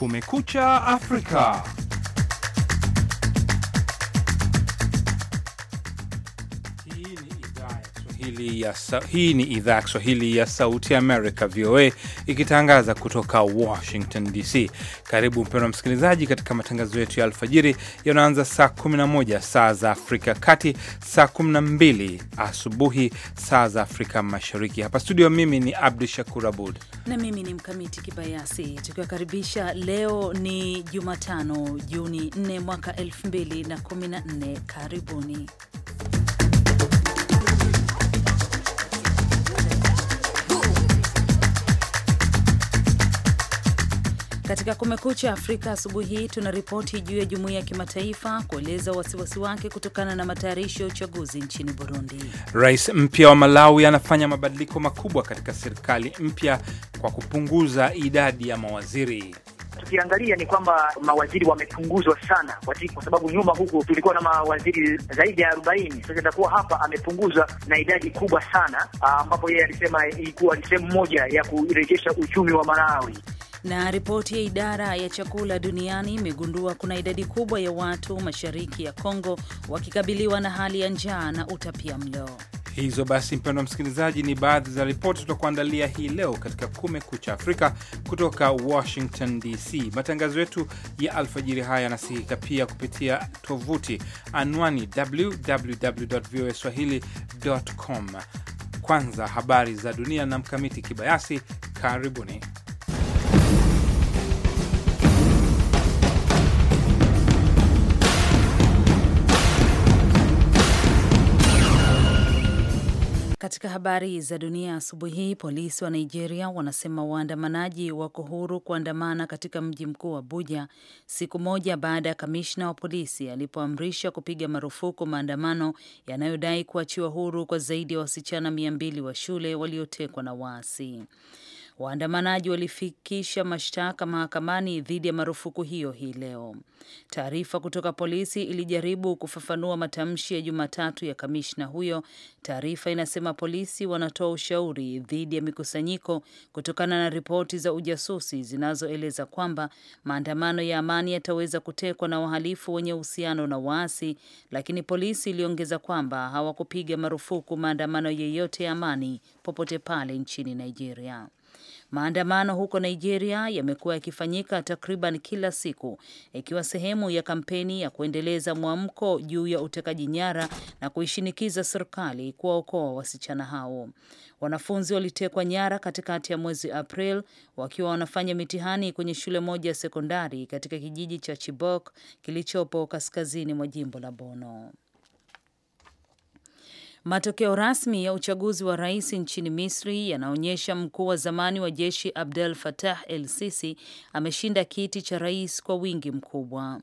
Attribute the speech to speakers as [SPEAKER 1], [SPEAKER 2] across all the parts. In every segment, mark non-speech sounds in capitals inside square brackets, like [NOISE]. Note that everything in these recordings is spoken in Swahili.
[SPEAKER 1] Kumekucha Afrika. Kiswahili ya sa... hii ni idhaa ya Kiswahili ya Sauti Amerika, VOA, ikitangaza kutoka Washington DC. Karibu mpendwa msikilizaji, katika matangazo yetu ya alfajiri yanaanza saa 11 saa za Afrika Kati, saa 12 asubuhi saa za Afrika Mashariki. Hapa studio, mimi ni Abdu Shakur Abud
[SPEAKER 2] na mimi ni Mkamiti Kibayasi, tukiwakaribisha. Leo ni Jumatano, Juni 4 mwaka 2014. Karibuni. Katika Kumekucha Afrika asubuhi hii tuna ripoti juu ya jumuiya ya kimataifa kueleza wasiwasi wake kutokana na matayarisho ya uchaguzi nchini
[SPEAKER 1] Burundi. Rais mpya wa Malawi anafanya mabadiliko makubwa katika serikali mpya kwa kupunguza idadi ya mawaziri.
[SPEAKER 3] Tukiangalia ni kwamba mawaziri wamepunguzwa sana kwa sababu nyuma huku tulikuwa na mawaziri zaidi ya arobaini Sasa itakuwa hapa amepunguzwa na idadi kubwa sana, ah, ambapo yeye alisema ilikuwa ni sehemu moja ya kurejesha uchumi wa Malawi.
[SPEAKER 2] Na ripoti ya idara ya chakula duniani imegundua kuna idadi kubwa ya watu mashariki ya Kongo wakikabiliwa na hali ya njaa na utapia
[SPEAKER 1] mlo. Hizo basi, mpendwa msikilizaji, ni baadhi za ripoti tutakuandalia hii leo katika Kumekucha Afrika kutoka Washington DC. Matangazo yetu ya alfajiri haya yanasikika pia kupitia tovuti anwani www voa swahili.com. Kwanza habari za dunia na Mkamiti Kibayasi. Karibuni.
[SPEAKER 2] Katika habari za dunia asubuhi hii, polisi wa Nigeria wanasema waandamanaji wako huru kuandamana katika mji mkuu Abuja, siku moja baada ya kamishna wa polisi alipoamrisha kupiga marufuku maandamano yanayodai kuachiwa huru kwa zaidi ya wasichana mia mbili wa shule waliotekwa na waasi. Waandamanaji walifikisha mashtaka mahakamani dhidi ya marufuku hiyo hii leo. Taarifa kutoka polisi ilijaribu kufafanua matamshi ya Jumatatu ya kamishna huyo. Taarifa inasema polisi wanatoa ushauri dhidi ya mikusanyiko kutokana na ripoti za ujasusi zinazoeleza kwamba maandamano ya amani yataweza kutekwa na wahalifu wenye uhusiano na waasi, lakini polisi iliongeza kwamba hawakupiga marufuku maandamano yeyote ya amani popote pale nchini Nigeria. Maandamano huko Nigeria yamekuwa yakifanyika takriban kila siku, ikiwa sehemu ya kampeni ya kuendeleza mwamko juu ya utekaji nyara na kuishinikiza serikali kuwaokoa wasichana hao. Wanafunzi walitekwa nyara katikati ya mwezi April wakiwa wanafanya mitihani kwenye shule moja ya sekondari katika kijiji cha Chibok kilichopo kaskazini mwa jimbo la bono Matokeo rasmi ya uchaguzi wa rais nchini Misri yanaonyesha mkuu wa zamani wa jeshi Abdel Fattah el Sisi ameshinda kiti cha rais kwa wingi mkubwa.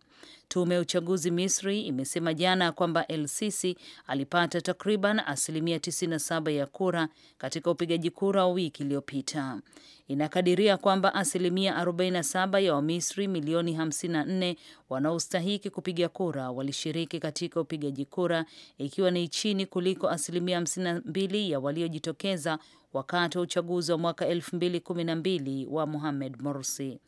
[SPEAKER 2] Tume ya uchaguzi Misri imesema jana kwamba El Sisi alipata takriban asilimia 97 ya kura katika upigaji kura wa wiki iliyopita. Inakadiria kwamba asilimia 47 ya Wamisri milioni 54 wanaostahiki kupiga kura walishiriki katika upigaji kura, ikiwa ni chini kuliko asilimia 52 ya waliojitokeza wakati wa uchaguzi wa mwaka 2012 wa Mohamed Morsi.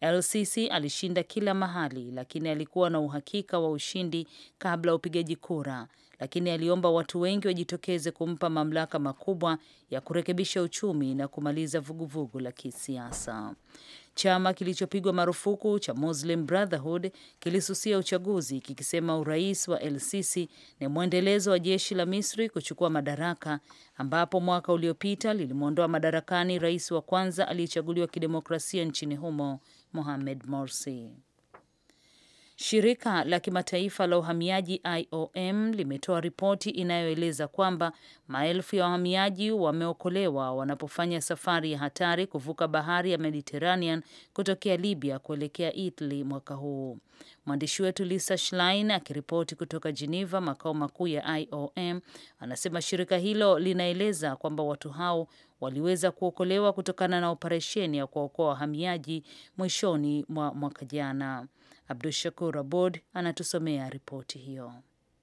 [SPEAKER 2] El-Sisi alishinda kila mahali, lakini alikuwa na uhakika wa ushindi kabla upigaji kura, lakini aliomba watu wengi wajitokeze kumpa mamlaka makubwa ya kurekebisha uchumi na kumaliza vuguvugu la kisiasa. Chama kilichopigwa marufuku cha Muslim Brotherhood kilisusia uchaguzi kikisema urais wa El Sisi ni mwendelezo wa jeshi la Misri kuchukua madaraka, ambapo mwaka uliopita lilimwondoa madarakani rais wa kwanza aliyechaguliwa kidemokrasia nchini humo Mohamed Morsi. Shirika la kimataifa la uhamiaji IOM limetoa ripoti inayoeleza kwamba maelfu ya wahamiaji wameokolewa wanapofanya safari ya hatari kuvuka bahari ya Mediterranean kutokea Libya kuelekea Italy mwaka huu. Mwandishi wetu Lisa Schlein akiripoti kutoka Geneva, makao makuu ya IOM, anasema shirika hilo linaeleza kwamba watu hao waliweza kuokolewa kutokana na operesheni ya kuokoa wahamiaji mwishoni mwa mwaka jana. Abdu Shakur Abod anatusomea ripoti hiyo.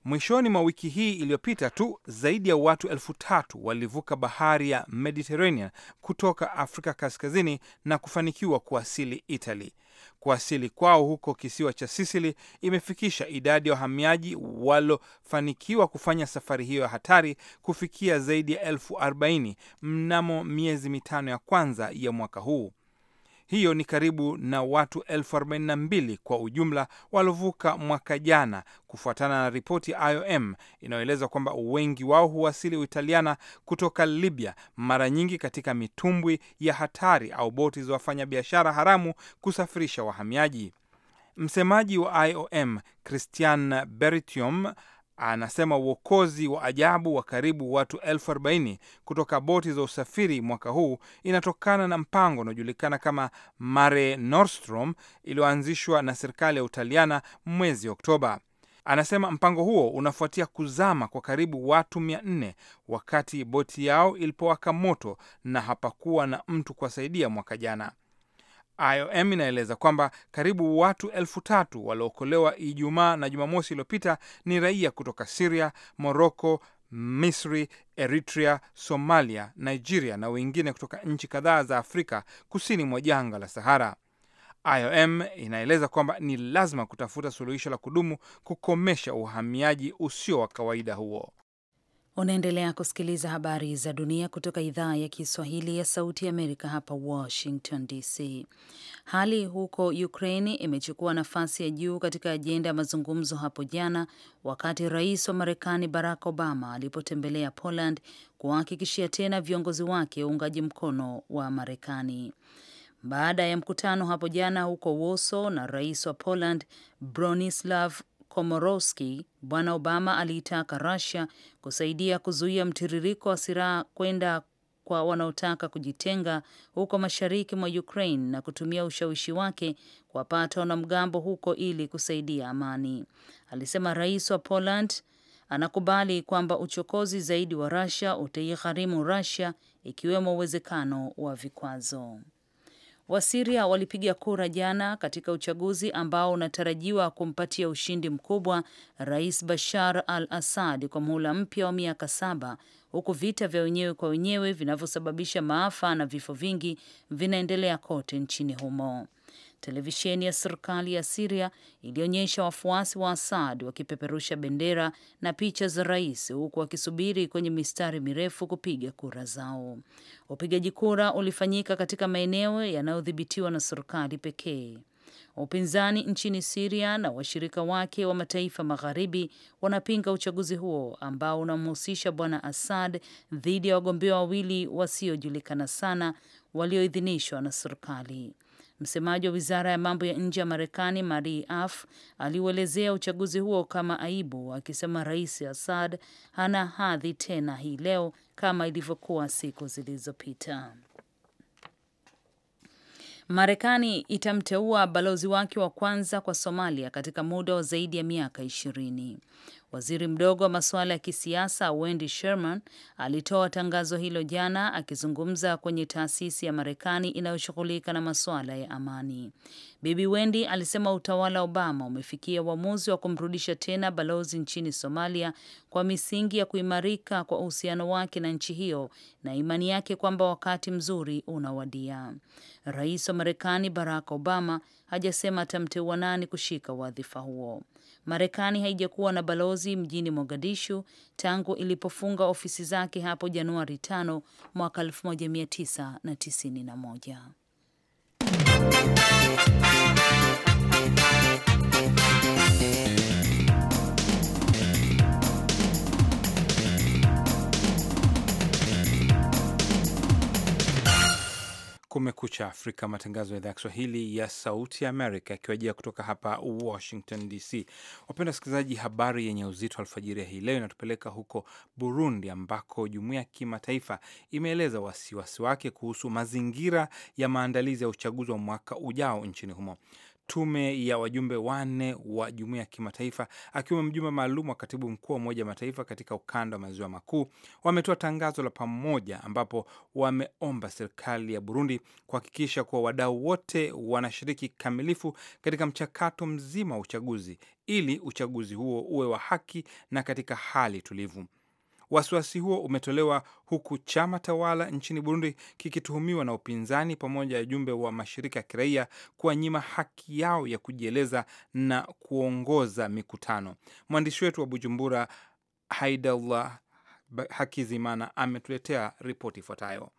[SPEAKER 1] Mwishoni mwa wiki hii iliyopita tu zaidi ya watu elfu tatu walivuka bahari ya Mediterranean kutoka Afrika Kaskazini na kufanikiwa kuwasili Italy. Kuwasili kwao huko kisiwa cha Sisili imefikisha idadi ya wahamiaji walofanikiwa kufanya safari hiyo ya hatari kufikia zaidi ya elfu arobaini mnamo miezi mitano ya kwanza ya mwaka huu. Hiyo ni karibu na watu elfu arobaini na mbili kwa ujumla waliovuka mwaka jana, kufuatana na ripoti ya IOM inayoeleza kwamba wengi wao huwasili Uitaliana kutoka Libya, mara nyingi katika mitumbwi ya hatari au boti za wafanyabiashara haramu kusafirisha wahamiaji. Msemaji wa IOM Christian Beritium Anasema uokozi wa ajabu wa karibu watu elfu arobaini kutoka boti za usafiri mwaka huu inatokana na mpango unaojulikana kama Mare Nostrum iliyoanzishwa na serikali ya Utaliana mwezi Oktoba. Anasema mpango huo unafuatia kuzama kwa karibu watu mia nne wakati boti yao ilipowaka moto na hapakuwa na mtu kuwasaidia mwaka jana. IOM inaeleza kwamba karibu watu elfu tatu waliookolewa Ijumaa na Jumamosi iliyopita ni raia kutoka Siria, Moroko, Misri, Eritrea, Somalia, Nigeria na wengine kutoka nchi kadhaa za Afrika kusini mwa jangwa la Sahara. IOM inaeleza kwamba ni lazima kutafuta suluhisho la kudumu kukomesha uhamiaji usio wa kawaida huo.
[SPEAKER 2] Unaendelea kusikiliza habari za dunia kutoka idhaa ya Kiswahili ya Sauti ya Amerika hapa Washington DC. Hali huko Ukraini imechukua nafasi ya juu katika ajenda ya mazungumzo hapo jana, wakati rais wa Marekani Barack Obama alipotembelea Poland kuhakikishia tena viongozi wake uungaji mkono wa Marekani. Baada ya mkutano hapo jana huko Warsaw na rais wa Poland Bronislav Komorowski, Bwana Obama aliitaka Russia kusaidia kuzuia mtiririko wa silaha kwenda kwa wanaotaka kujitenga huko mashariki mwa Ukraine na kutumia ushawishi wake kuwapata wanamgambo huko ili kusaidia amani. Alisema rais wa Poland anakubali kwamba uchokozi zaidi wa Russia utaigharimu Russia ikiwemo uwezekano wa vikwazo. Wasiria walipiga kura jana katika uchaguzi ambao unatarajiwa kumpatia ushindi mkubwa Rais Bashar al Assad kwa muhula mpya wa miaka saba, huku vita vya wenyewe kwa wenyewe vinavyosababisha maafa na vifo vingi vinaendelea kote nchini humo. Televisheni ya serikali ya Siria ilionyesha wafuasi wa Assad wakipeperusha bendera na picha za rais huku wakisubiri kwenye mistari mirefu kupiga kura zao. Upigaji kura ulifanyika katika maeneo yanayodhibitiwa na serikali pekee. Upinzani nchini Siria na washirika wake wa mataifa magharibi wanapinga uchaguzi huo ambao unamhusisha bwana Assad dhidi ya wagombea wawili wasiojulikana sana walioidhinishwa na serikali. Msemaji wa wizara ya mambo ya nje ya Marekani Marie Af aliuelezea uchaguzi huo kama aibu, akisema Rais Assad hana hadhi tena hii leo kama ilivyokuwa siku zilizopita. Marekani itamteua balozi wake wa kwanza kwa Somalia katika muda wa zaidi ya miaka ishirini. Waziri mdogo wa masuala ya kisiasa Wendy Sherman alitoa tangazo hilo jana akizungumza kwenye taasisi ya Marekani inayoshughulika na masuala ya amani. Bibi Wendy alisema utawala Obama umefikia uamuzi wa kumrudisha tena balozi nchini Somalia kwa misingi ya kuimarika kwa uhusiano wake na nchi hiyo na imani yake kwamba wakati mzuri unawadia. Rais wa Marekani Barack Obama hajasema atamteua nani kushika wadhifa huo. Marekani haijakuwa na balozi mjini Mogadishu tangu ilipofunga ofisi zake hapo Januari 5 mwaka 1991.
[SPEAKER 1] Kumekucha Afrika, matangazo ya idhaa ya Kiswahili ya Sauti Amerika yakiwajia kutoka hapa Washington DC. Wapenda wasikilizaji, habari yenye uzito alfajiri ya hii leo inatupeleka huko Burundi, ambako jumuiya ya kimataifa imeeleza wasiwasi wake kuhusu mazingira ya maandalizi ya uchaguzi wa mwaka ujao nchini humo tume ya wajumbe wanne wa jumuiya ya kimataifa akiwemo mjumbe maalum wa katibu mkuu wa Umoja Mataifa katika ukanda wa maziwa makuu wametoa tangazo la pamoja ambapo wameomba serikali ya Burundi kuhakikisha kuwa wadau wote wanashiriki kikamilifu katika mchakato mzima wa uchaguzi ili uchaguzi huo uwe wa haki na katika hali tulivu. Wasiwasi huo umetolewa huku chama tawala nchini Burundi kikituhumiwa na upinzani pamoja na jumbe wa mashirika ya kiraia kuwanyima haki yao ya kujieleza na kuongoza mikutano. Mwandishi wetu wa Bujumbura, Haidallah Hakizimana, ametuletea ripoti ifuatayo.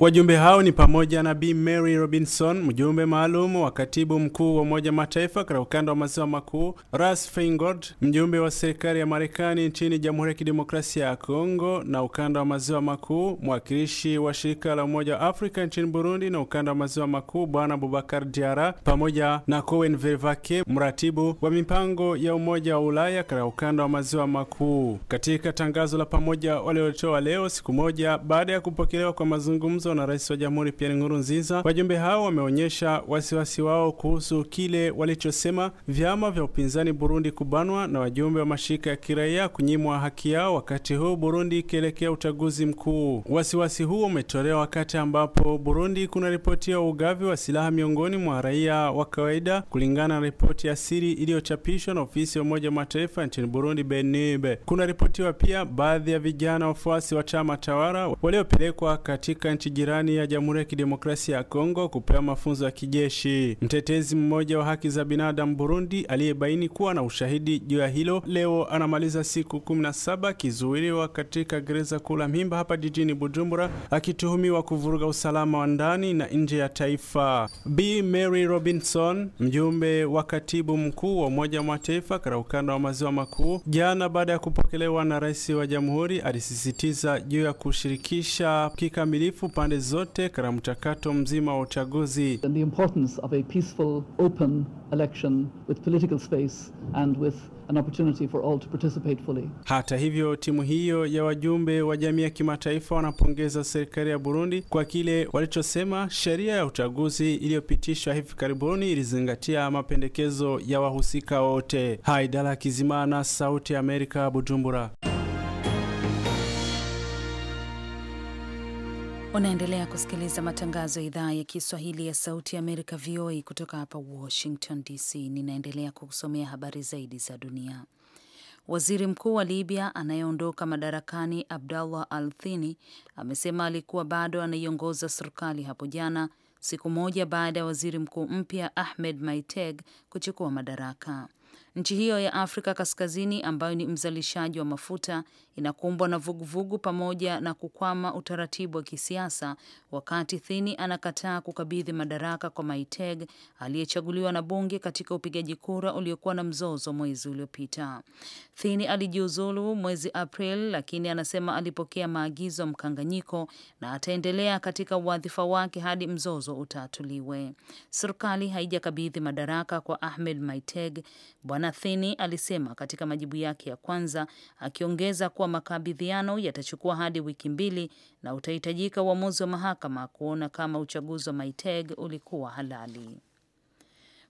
[SPEAKER 4] Wajumbe hao ni pamoja na Bi Mary Robinson, mjumbe maalum wa katibu mkuu wa Umoja Mataifa katika ukanda wa maziwa makuu, Russ Feingold, mjumbe wa serikali ya Marekani nchini Jamhuri ya Kidemokrasia ya Kongo na ukanda wa maziwa makuu, mwakilishi wa shirika la Umoja wa Afrika nchini Burundi na ukanda wa maziwa makuu, Bwana bubakar Diara, pamoja na cowen Vervake, mratibu wa mipango ya Umoja wa Ulaya katika ukanda wa maziwa makuu. Katika tangazo la pamoja waliotoa leo, siku moja baada ya kupokelewa kwa mazungumzo mazungumzo na rais wa jamhuri Pierre Nkurunziza, wajumbe hao wameonyesha wasiwasi wao kuhusu kile walichosema vyama vya upinzani Burundi kubanwa na wajumbe wa mashirika ya kiraia kunyimwa haki yao wakati huu Burundi ikielekea uchaguzi mkuu. Wasiwasi huo umetolewa wakati ambapo Burundi kuna ya ugavi wa silaha miongoni mwa raia wa kawaida, kulingana na ripoti ya siri iliyochapishwa na ofisi ya Umoja wa Mataifa nchini Burundi Benibe. ripotiwa pia baadhi ya vijana wafuasi wa chama tawala waliopelekwa katika nchi jirani ya Jamhuri ya Kidemokrasia ya Kongo kupewa mafunzo ya kijeshi. Mtetezi mmoja wa haki za binadamu Burundi aliyebaini kuwa na ushahidi juu ya hilo leo anamaliza siku 17 kizuiliwa katika gereza kuu la hapa jijini Bujumbura, akituhumiwa kuvuruga usalama wa ndani na nje ya taifa. B Mary Robinson, mjumbe wa katibu mkuu wa Umoja wa Mataifa katika ukanda wa maziwa makuu, jana baada ya kupokelewa na rais wa jamhuri, alisisitiza juu ya kushirikisha kikamilifu pande pande zote katika mchakato mzima wa uchaguzi. the importance of a peaceful, open election with political space
[SPEAKER 2] and with an opportunity for all to participate fully.
[SPEAKER 4] Hata hivyo, timu hiyo ya wajumbe wa jamii ya kimataifa wanapongeza serikali ya Burundi kwa kile walichosema sheria ya uchaguzi iliyopitishwa hivi karibuni ilizingatia mapendekezo ya wahusika wote. Haidala Kizimana, Sauti ya Amerika, Bujumbura.
[SPEAKER 2] Unaendelea kusikiliza matangazo ya idhaa ya Kiswahili ya Sauti ya Amerika, VOA, kutoka hapa Washington DC. Ninaendelea kukusomea habari zaidi za dunia. Waziri mkuu wa Libya anayeondoka madarakani Abdallah Al Thini amesema alikuwa bado anaiongoza serikali hapo jana, siku moja baada ya waziri mkuu mpya Ahmed Maiteg kuchukua madaraka. Nchi hiyo ya Afrika Kaskazini ambayo ni mzalishaji wa mafuta inakumbwa na vuguvugu pamoja na kukwama utaratibu wa kisiasa, wakati Thini anakataa kukabidhi madaraka kwa Maiteg aliyechaguliwa na bunge katika upigaji kura uliokuwa na mzozo mwezi uliopita. Thini alijiuzulu mwezi april lakini anasema alipokea maagizo ya mkanganyiko na ataendelea katika wadhifa wake hadi mzozo utatuliwe. Serikali haijakabidhi madaraka kwa Ahmed Maiteg. Bwana Bwana alisema katika majibu yake ya kwanza, akiongeza kuwa makabidhiano yatachukua hadi wiki mbili na utahitajika uamuzi wa mahakama kuona kama uchaguzi wa Maiteg ulikuwa halali.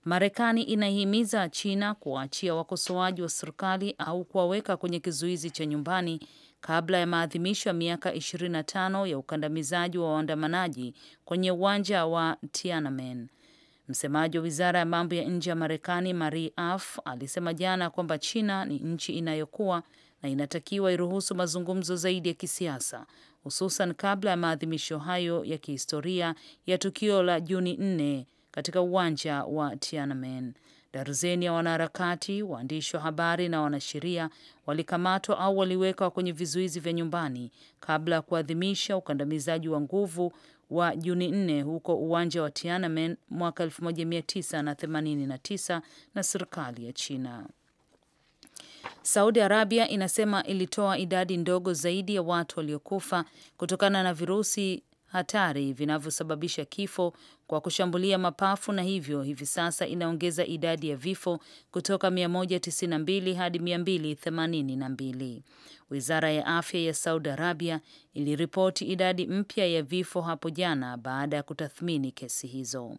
[SPEAKER 2] Marekani inahimiza China kuwaachia wakosoaji wa serikali au kuwaweka kwenye kizuizi cha nyumbani kabla ya maadhimisho ya miaka 25 ya ukandamizaji wa waandamanaji kwenye uwanja wa Tiananmen Msemaji wa wizara ya mambo ya nje ya Marekani Marie af alisema jana kwamba China ni nchi inayokuwa na inatakiwa iruhusu mazungumzo zaidi ya kisiasa hususan kabla ya maadhimisho hayo ya kihistoria ya tukio la Juni nne katika uwanja wa Tiananmen. Darzeni ya wanaharakati, waandishi wa habari na wanasheria walikamatwa au waliwekwa kwenye vizuizi vya nyumbani kabla ya kuadhimisha ukandamizaji wa nguvu wa Juni 4 huko uwanja wa Tiananmen mwaka 1989 na serikali ya China. Saudi Arabia inasema ilitoa idadi ndogo zaidi ya watu waliokufa kutokana na virusi hatari vinavyosababisha kifo kwa kushambulia mapafu na hivyo hivi sasa inaongeza idadi ya vifo kutoka 192 hadi 282. Wizara ya afya ya Saudi Arabia iliripoti idadi mpya ya vifo hapo jana baada ya kutathmini kesi hizo.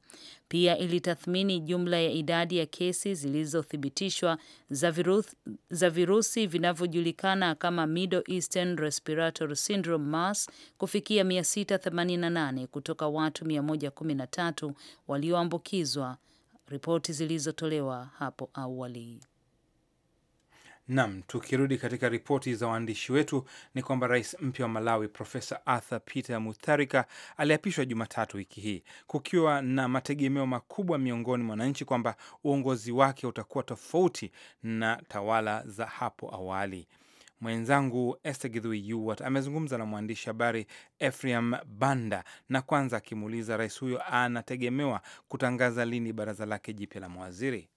[SPEAKER 2] Pia ilitathmini jumla ya idadi ya kesi zilizothibitishwa za virusi, za virusi vinavyojulikana kama Middle Eastern Respiratory Syndrome MERS kufikia 688 kutoka watu 113 tatu walioambukizwa, ripoti zilizotolewa hapo awali.
[SPEAKER 1] Nam, tukirudi katika ripoti za waandishi wetu ni kwamba rais mpya wa Malawi Profesa Arthur Peter Mutharika aliapishwa Jumatatu wiki hii kukiwa na mategemeo makubwa miongoni mwa wananchi kwamba uongozi wake utakuwa tofauti na tawala za hapo awali. Mwenzangu Este Gidhui Yuwat amezungumza na mwandishi habari efriam Banda, na kwanza akimuuliza rais huyo anategemewa kutangaza lini baraza lake jipya la mawaziri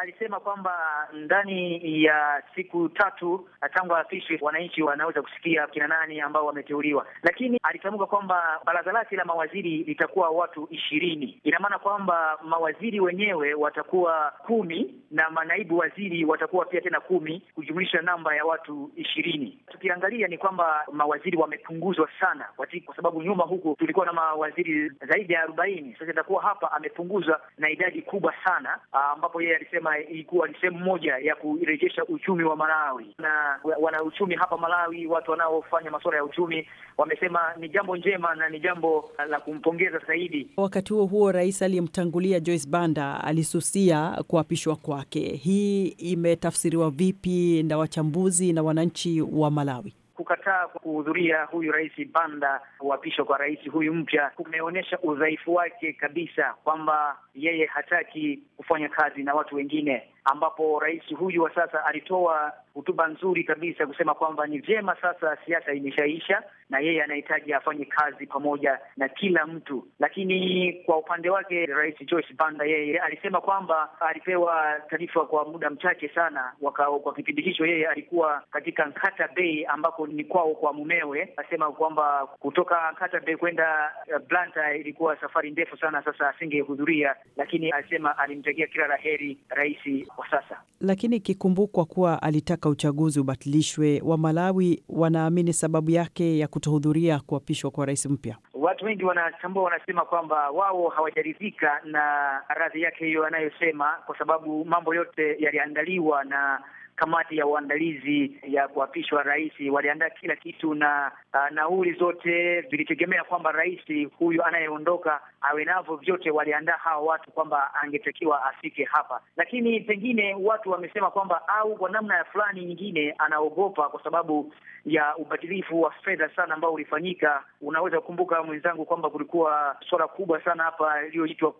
[SPEAKER 3] alisema kwamba ndani ya siku tatu tangu afishwe, wananchi wanaweza kusikia kina nani ambao wameteuliwa, lakini alitamka kwamba baraza lake la mawaziri litakuwa watu ishirini. Ina maana kwamba mawaziri wenyewe watakuwa kumi na manaibu waziri watakuwa pia tena kumi kujumlisha namba ya watu ishirini. Tukiangalia ni kwamba mawaziri wamepunguzwa sana wati, kwa sababu nyuma huku tulikuwa na mawaziri zaidi ya arobaini. Sasa itakuwa hapa amepunguzwa na idadi kubwa sana ah, ambapo yeye alisema kama ilikuwa ni sehemu moja ya kurejesha uchumi wa Malawi, na wanauchumi hapa Malawi, watu wanaofanya masuala ya uchumi wamesema ni jambo njema na ni jambo la kumpongeza zaidi.
[SPEAKER 5] Wakati huo huo, rais aliyemtangulia Joyce Banda alisusia kuapishwa kwake. Hii imetafsiriwa vipi na wachambuzi na wananchi wa Malawi?
[SPEAKER 3] kukataa kuhudhuria huyu rais Banda, kuapishwa kwa rais huyu mpya kumeonyesha udhaifu wake kabisa, kwamba yeye hataki kufanya kazi na watu wengine ambapo rais huyu wa sasa alitoa hutuba nzuri kabisa kusema kwamba ni vyema sasa siasa imeshaisha, na yeye anahitaji afanye kazi pamoja na kila mtu. Lakini kwa upande wake rais Joyce Banda yeye alisema kwamba alipewa taarifa kwa muda mchache sana waka, kwa kipindi hicho yeye alikuwa katika Nkata Bay ambako ni kwao kwa mumewe. Asema kwamba kutoka Nkata Bay kwenda eh, Blanta ilikuwa safari ndefu sana, sasa asingehudhuria, lakini alisema alimtakia kila la heri rais kwa sasa.
[SPEAKER 4] Lakini
[SPEAKER 5] ikikumbukwa kuwa alitaka uchaguzi ubatilishwe, wa Malawi wanaamini sababu yake ya kutohudhuria kuapishwa kwa rais mpya.
[SPEAKER 3] Watu wengi wanachambua, wanasema kwamba wao hawajaridhika na radhi yake hiyo anayosema, kwa sababu mambo yote yaliandaliwa na kamati ya uandalizi ya kuapishwa rais waliandaa kila kitu na uh, nauli zote vilitegemea kwamba rais huyu anayeondoka awe navyo vyote. Waliandaa hawa watu kwamba angetakiwa afike hapa, lakini pengine watu wamesema kwamba au kwa namna ya fulani nyingine anaogopa kwa sababu ya ubadilifu wa fedha sana ambao ulifanyika. Unaweza kukumbuka mwenzangu, kwamba kulikuwa swala kubwa sana hapa iliyoitwa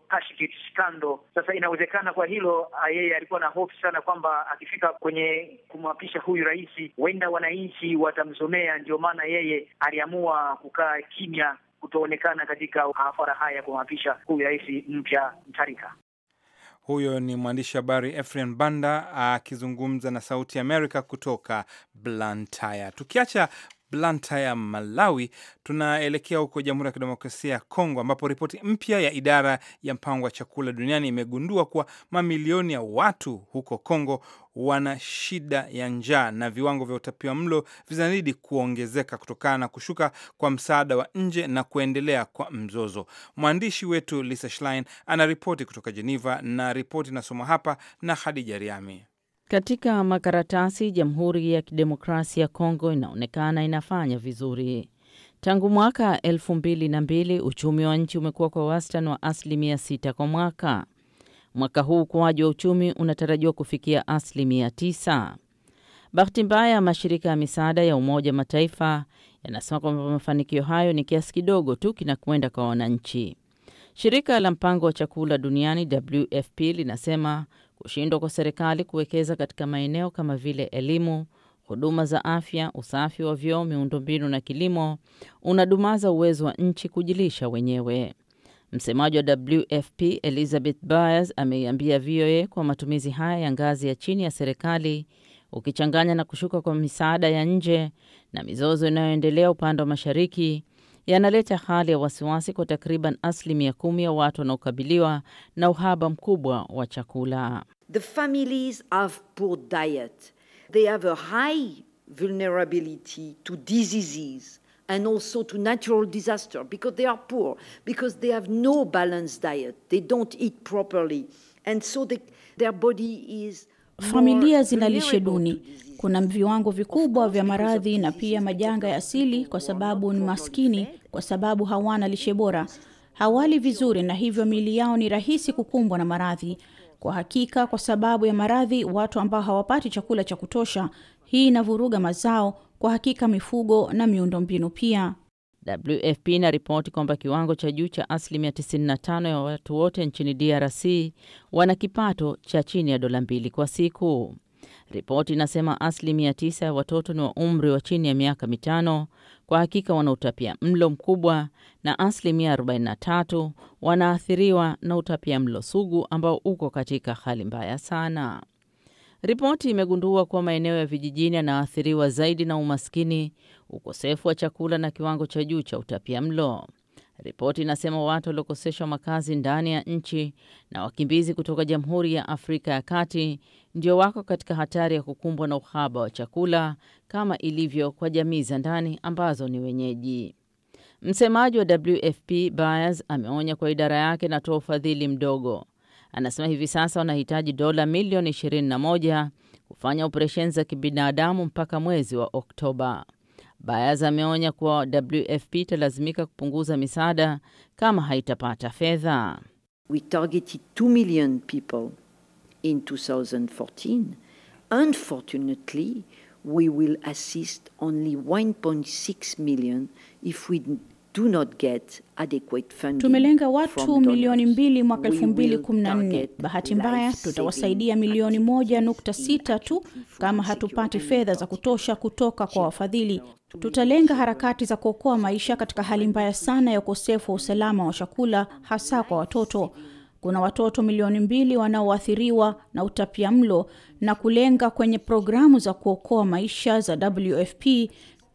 [SPEAKER 3] Scandal. Sasa inawezekana kwa hilo ah, yeye alikuwa na hofu sana kwamba akifika kwenye kumwapisha huyu rais, huenda wananchi watamsomea. Ndio maana yeye aliamua kukaa kimya, kutoonekana katika hafara haya ya kumwapisha huyu rais mpya Mtarika.
[SPEAKER 1] Huyo ni mwandishi habari Efrian Banda akizungumza na Sauti Amerika kutoka Blantyre. Tukiacha Blanta ya Malawi. Tunaelekea huko Jamhuri ya Kidemokrasia ya Kongo, ambapo ripoti mpya ya idara ya mpango wa chakula duniani imegundua kuwa mamilioni ya watu huko Kongo wana shida ya njaa na viwango vya utapia mlo vinazidi kuongezeka kutokana na kushuka kwa msaada wa nje na kuendelea kwa mzozo. Mwandishi wetu Lisa Schlein anaripoti kutoka Jeneva, na ripoti inasomwa hapa na Hadija Riami.
[SPEAKER 5] Katika makaratasi, Jamhuri ya Kidemokrasia ya Kongo inaonekana inafanya vizuri. Tangu mwaka elfu mbili na mbili uchumi wa nchi umekuwa kwa wastani wa asilimia sita kwa mwaka. Mwaka huu ukuaji wa uchumi unatarajiwa kufikia asilimia tisa. Bahati mbaya, mashirika ya misaada ya Umoja Mataifa yanasema kwamba mafanikio hayo ni kiasi kidogo tu kinakwenda kwa wananchi. Shirika la mpango wa chakula duniani WFP linasema Kushindwa kwa serikali kuwekeza katika maeneo kama vile elimu, huduma za afya, usafi wa vyoo, miundombinu na kilimo unadumaza uwezo wa nchi kujilisha wenyewe. Msemaji wa WFP Elizabeth Byers ameiambia VOA kwa matumizi haya ya ngazi ya chini ya serikali ukichanganya na kushuka kwa misaada ya nje na mizozo inayoendelea upande wa mashariki yanaleta hali ya wasiwasi kwa takriban asilimia kumi ya watu wanaokabiliwa na uhaba mkubwa wa chakula.
[SPEAKER 2] The families have poor diet. They have a high vulnerability to diseases and also to natural disaster because they are poor, because they have no balanced diet. They don't eat properly. And so they, their body is
[SPEAKER 5] Familia zina lishe duni, kuna viwango vikubwa vya maradhi na pia majanga ya asili, kwa sababu ni maskini, kwa sababu hawana lishe bora, hawali vizuri, na hivyo miili yao ni rahisi kukumbwa na maradhi. Kwa hakika, kwa sababu ya maradhi, watu ambao hawapati chakula cha kutosha, hii inavuruga mazao, kwa hakika mifugo na miundombinu pia. WFP inaripoti kwamba kiwango cha juu cha asilimia 95 ya watu wote nchini DRC wana kipato cha chini ya dola mbili kwa siku. Ripoti inasema asilimia 9 ya watoto ni wa umri wa chini ya miaka mitano, kwa hakika wana utapia mlo mkubwa, na asilimia 43 wanaathiriwa na utapia mlo sugu ambao uko katika hali mbaya sana. Ripoti imegundua kuwa maeneo ya vijijini yanaathiriwa zaidi na umaskini, ukosefu wa chakula na kiwango cha juu cha utapia mlo. Ripoti inasema watu waliokoseshwa makazi ndani ya nchi na wakimbizi kutoka Jamhuri ya Afrika ya Kati ndio wako katika hatari ya kukumbwa na uhaba wa chakula kama ilivyo kwa jamii za ndani ambazo ni wenyeji. Msemaji wa WFP Byers ameonya kwa idara yake inatoa ufadhili mdogo anasema hivi sasa wanahitaji dola milioni 21 kufanya operesheni za kibinadamu mpaka mwezi wa Oktoba. Bayaz ameonya kuwa WFP italazimika kupunguza misaada kama haitapata fedha.
[SPEAKER 2] We targeted 2 million people in 2014. Unfortunately, we will assist only 1.6 million if we do not get adequate funding. Tumelenga watu milioni
[SPEAKER 5] mbili mwaka elfu mbili kumi na nne. Bahati mbaya tutawasaidia milioni moja nukta sita tu kama hatupati fedha za kutosha kutoka kwa wafadhili. Tutalenga harakati za kuokoa maisha katika hali mbaya sana ya ukosefu wa usalama wa chakula, hasa kwa watoto. Kuna watoto milioni mbili wanaoathiriwa na utapia mlo na kulenga kwenye programu za kuokoa maisha za WFP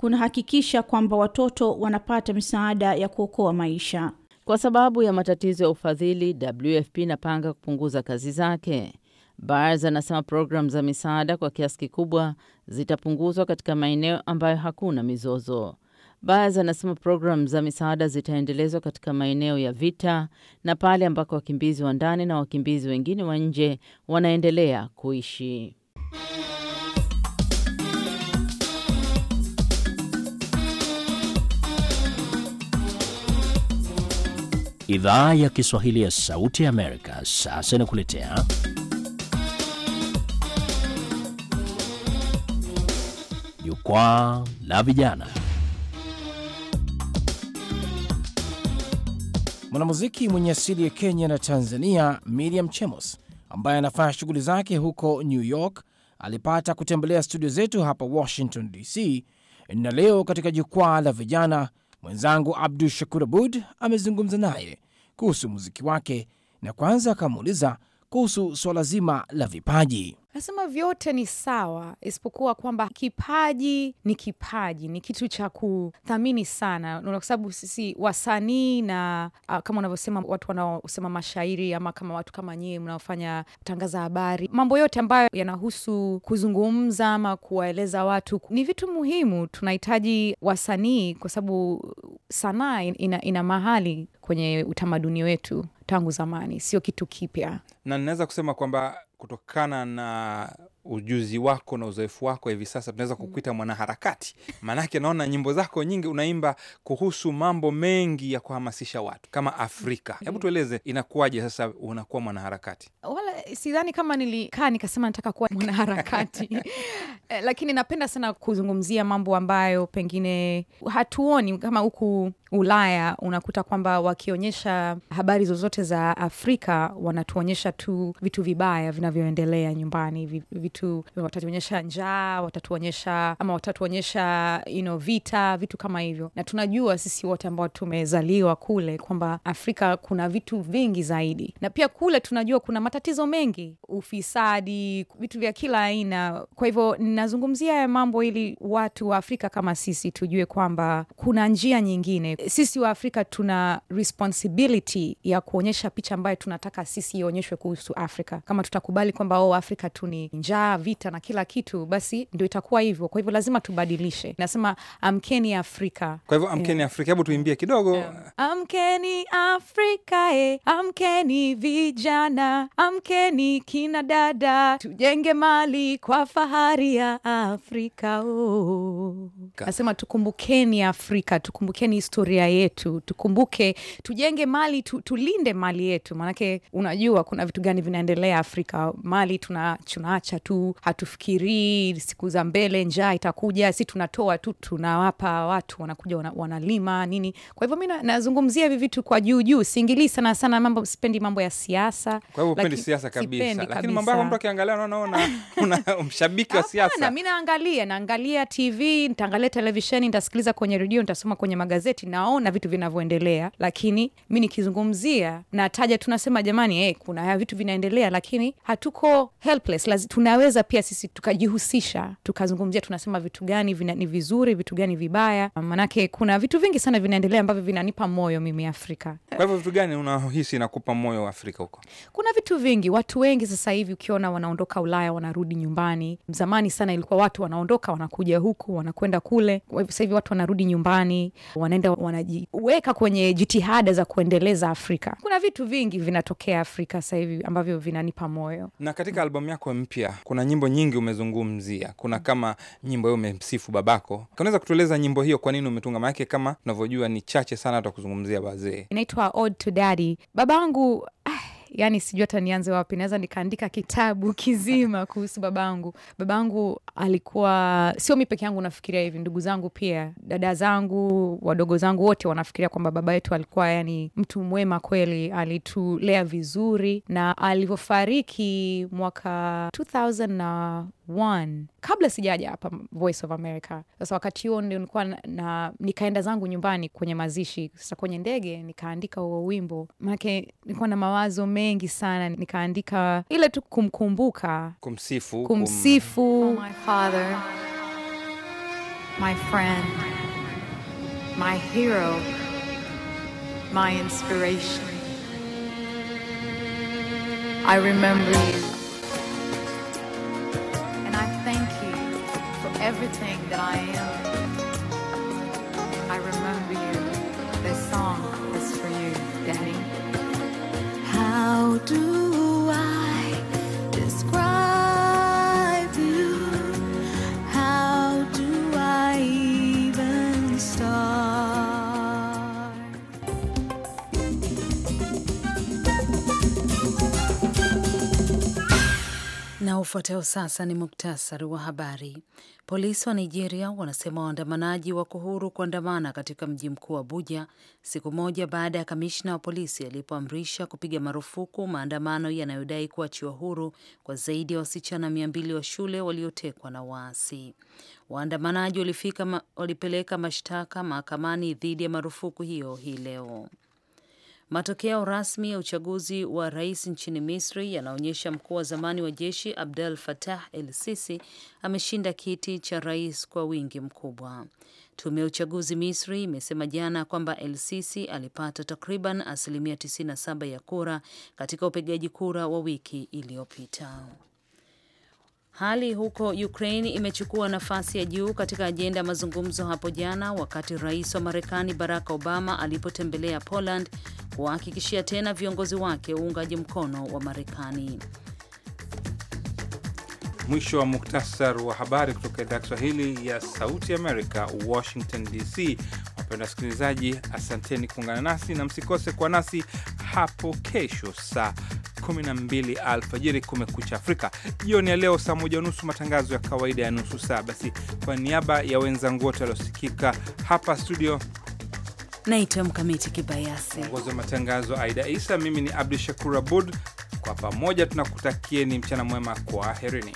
[SPEAKER 5] kunahakikisha kwamba watoto wanapata misaada ya kuokoa maisha. Kwa sababu ya matatizo ya ufadhili, WFP inapanga kupunguza kazi zake. Bars anasema programu za misaada kwa kiasi kikubwa zitapunguzwa katika maeneo ambayo hakuna mizozo. Bars anasema programu za misaada zitaendelezwa katika maeneo ya vita na pale ambako wakimbizi wa ndani na wakimbizi wengine wa nje wanaendelea kuishi.
[SPEAKER 1] Idhaa ya Kiswahili ya Sauti ya Amerika sasa inakuletea Jukwaa la Vijana. Mwanamuziki mwenye asili ya Kenya na Tanzania, Miriam Chemos, ambaye anafanya shughuli zake huko New York, alipata kutembelea studio zetu hapa Washington DC, na leo katika Jukwaa la Vijana, mwenzangu Abdu Shakur Abud amezungumza naye kuhusu muziki wake, na kwanza akamuuliza kuhusu swala zima la vipaji.
[SPEAKER 6] Nasema vyote ni sawa, isipokuwa kwamba kipaji ni kipaji, ni kitu cha kuthamini sana, kwa sababu sisi wasanii na uh, kama unavyosema watu wanaosema mashairi ama kama watu kama nyie mnaofanya tangaza habari, mambo yote ambayo yanahusu kuzungumza ama kuwaeleza watu ni vitu muhimu. Tunahitaji wasanii kwa sababu sanaa ina, ina mahali kwenye utamaduni wetu tangu zamani, sio kitu kipya,
[SPEAKER 1] na ninaweza kusema kwamba kutokana na ujuzi wako na uzoefu wako hivi sasa tunaweza mm. kukuita mwanaharakati, maanake naona nyimbo zako nyingi unaimba kuhusu mambo mengi ya kuhamasisha watu kama Afrika. Hebu mm-hmm. tueleze inakuwaje sasa unakuwa mwanaharakati?
[SPEAKER 6] Wala sidhani kama nilikaa nikasema nataka kuwa mwanaharakati [LAUGHS] eh, lakini napenda sana kuzungumzia mambo ambayo pengine hatuoni kama huku Ulaya unakuta kwamba wakionyesha habari zozote za Afrika wanatuonyesha tu vitu vibaya vinavyoendelea nyumbani, vitu vitu watatuonyesha njaa, watatuonyesha ama watatuonyesha you know, vita, vitu kama hivyo. Na tunajua sisi wote ambao tumezaliwa kule kwamba Afrika kuna vitu vingi zaidi, na pia kule tunajua kuna matatizo mengi, ufisadi, vitu vya kila aina. Kwa hivyo nazungumzia ya mambo ili watu wa Afrika kama sisi tujue kwamba kuna njia nyingine. Sisi wa Afrika tuna responsibility ya kuonyesha picha ambayo tunataka sisi ionyeshwe kuhusu Afrika. Kama tutakubali kwamba o oh, Afrika tu ni njaa njaa, vita na kila kitu, basi ndio itakuwa hivyo. Kwa hivyo lazima tubadilishe. Nasema amkeni Afrika.
[SPEAKER 1] Kwa hivyo amkeni eh. yeah. Afrika, hebu tuimbie kidogo yeah.
[SPEAKER 6] Amkeni Afrika e eh. amkeni vijana, amkeni kina dada, tujenge mali kwa fahari ya Afrika oh. Nasema tukumbukeni Afrika, tukumbukeni historia yetu, tukumbuke, tujenge mali tu, tulinde mali yetu, maanake unajua kuna vitu gani vinaendelea Afrika. Mali tunaacha tu zetu, hatufikirii siku za mbele, njaa itakuja, si tunatoa tu, tunawapa watu, wanakuja wanalima nini. Kwa hivyo mi nazungumzia hivi vitu kwa juu juu, siingilii sana sana mambo, sipendi mambo ya siasa. [LAUGHS]
[SPEAKER 1] mshabiki wa siasa. Mi
[SPEAKER 6] naangalia, naangalia TV, ntaangalia televisheni, ntasikiliza kwenye redio, ntasoma kwenye magazeti, naona vitu vinavyoendelea, lakini mi nikizungumzia nataja, tunasema jamani, hey, eh, kuna vitu vinaendelea, lakini hatuko helpless, tunaweza pia sisi tukajihusisha tukazungumzia, tunasema vitu gani vina, ni vizuri, vitu gani vibaya, maanake kuna vitu vingi sana vinaendelea ambavyo vinanipa moyo mimi Afrika.
[SPEAKER 1] Kwa hivyo vitu gani unahisi inakupa moyo wa Afrika huko?
[SPEAKER 6] Kuna vitu vingi. Watu wengi sasa hivi ukiona wanaondoka Ulaya wanarudi nyumbani. Zamani sana ilikuwa watu wanaondoka wanakuja huku wanakwenda kule, sasa hivi watu wanarudi nyumbani, wanaenda wanajiweka kwenye jitihada za kuendeleza Afrika. Kuna vitu vingi vinatokea Afrika sasa hivi ambavyo vinanipa moyo.
[SPEAKER 1] Na katika albamu yako mpya kuna nyimbo nyingi umezungumzia, kuna kama nyimbo hiyo umemsifu babako, unaweza kutueleza nyimbo hiyo kwa nini umetunga? Maanake kama unavyojua ni chache sana hata kuzungumzia wazee.
[SPEAKER 6] Inaitwa Ode to Daddy. Babangu ah, yani sijui hata nianze wapi. Naweza nikaandika kitabu [LAUGHS] kizima kuhusu babangu. Babangu alikuwa sio mi peke yangu nafikiria hivi, ndugu zangu pia, dada zangu, wadogo zangu wote wanafikiria kwamba baba yetu alikuwa yani mtu mwema kweli, alitulea vizuri na alivyofariki mwaka 2 na one kabla sijaja hapa Voice of America. Sasa wakati huo ndio nilikuwa na, na nikaenda zangu nyumbani kwenye mazishi. Sasa kwenye ndege nikaandika huo wimbo, manake nilikuwa na mawazo mengi sana. Nikaandika ile tu kumkumbuka,
[SPEAKER 1] kumsifu, kumsifu
[SPEAKER 6] kum... oh my father, my friend, my hero, my inspiration. I remember you. everything that I am. I remember you. This song is for you, Daddy. How do
[SPEAKER 2] Ufuatao sasa ni muktasari wa habari. Polisi wa Nigeria wanasema waandamanaji wako huru kuandamana katika mji mkuu Abuja, siku moja baada ya kamishna wa polisi alipoamrisha kupiga marufuku maandamano yanayodai kuachiwa huru kwa zaidi ya wasichana mia mbili wa shule waliotekwa na waasi. Waandamanaji walifika ma, walipeleka mashtaka mahakamani dhidi ya marufuku hiyo hii leo. Matokeo rasmi ya uchaguzi wa rais nchini Misri yanaonyesha mkuu wa zamani wa jeshi Abdel Fattah El Sisi ameshinda kiti cha rais kwa wingi mkubwa. Tume ya uchaguzi Misri imesema jana kwamba El Sisi alipata takriban asilimia 97 ya kura katika upigaji kura wa wiki iliyopita. Hali huko Ukraine imechukua nafasi ya juu katika ajenda ya mazungumzo hapo jana, wakati rais wa Marekani Barack Obama alipotembelea Poland kuwahakikishia tena viongozi wake uungaji mkono wa Marekani.
[SPEAKER 1] Mwisho wa muktasar wa habari kutoka idhaa Kiswahili ya Sauti Amerika, Washington DC. Mpendwa msikilizaji, asanteni kuungana nasi na msikose kwa nasi hapo kesho saa 12 alfajiri, Kumekucha Afrika. Jioni ya leo saa moja nusu, matangazo ya kawaida ya nusu saa. Basi kwa niaba ya wenzangu wote waliosikika hapa studio,
[SPEAKER 2] naitwa Mkamiti Kibayasi,
[SPEAKER 1] mwongozi wa matangazo Aida Isa, mimi ni Abdu Shakur Abud. Kwa pamoja tunakutakieni mchana mwema, kwa herini